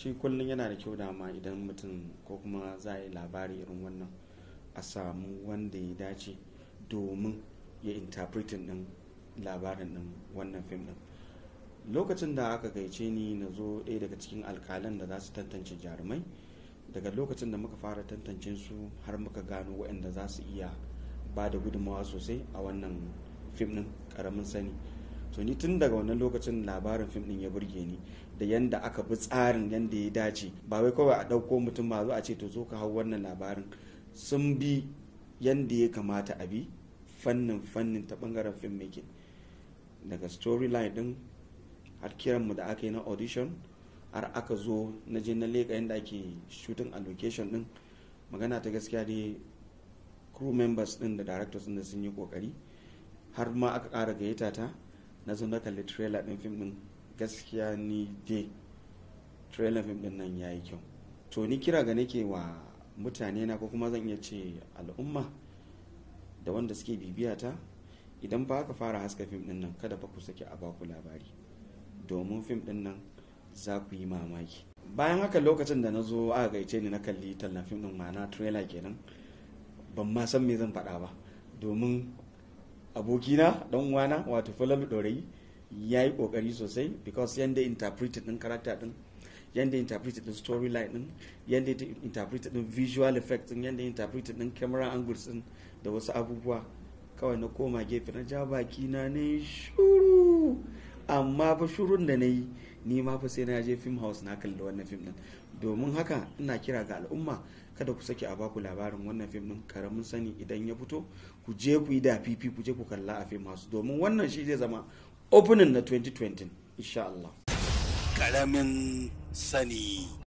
shi kullum yana da kyau dama idan mutum ko kuma za a yi labari irin wannan a samu wanda ya dace domin ya interpretin din labarin din wannan fim din lokacin da aka gaice ni na zo ɗaya daga cikin alkalan da za su tantance jarumai daga lokacin da muka fara tantance su har muka gano waɗanda za su iya ba da gudunmawa sosai a wannan fim din ƙaramin sani to ni tun daga wannan lokacin labarin fim din ya burge ni da yanda aka bi tsarin yanda ya dace ba wai kawai a ɗauko mutum ba zo a ce to zo ka hau wannan labarin sun bi yanda ya kamata a bi fannin fannin ta bangaren fim making daga storyline din har kiranmu da aka yi na audition har aka zo na je na leka yadda ake shooting a location din magana ta gaskiya dai crew members din da directors din da sun yi kokari har ma aka ƙara gayyata ta na zo na kalli trailer din fim din gaskiya ni de trailer fim din nan yi kyau to ni kira ga nake wa mutane na ko kuma zan iya ce al'umma da wanda suke bibiya ta idan ba ka fara haska fim din nan kada fa ku sake a baku labari domin fim din nan za ku yi mamaki bayan haka lokacin da na zo aka gaice ni na kalli tallafin fim ma na trailer kenan ban ma san me zan faɗa ba domin abokina dan uwana wato falalu dorayi ya yi kokari sosai because yanda interpreted din character din yanda interpreted din storyline din yanda interpreted din visual effect din yanda interpreted din camera angles din da wasu abubuwa kawai na koma gefe na ja baki na ne shuru amma fa shurun da na yi ni ma fa sai na je film house na kalli wannan film din domin haka ina kira ga al'umma kada ku sake a baku labarin wannan film din karamin sani idan ya fito ku je ku yi da fifi ku je ku kalla a film house domin wannan shi zai zama opening na 2020 insha Allah karamin sani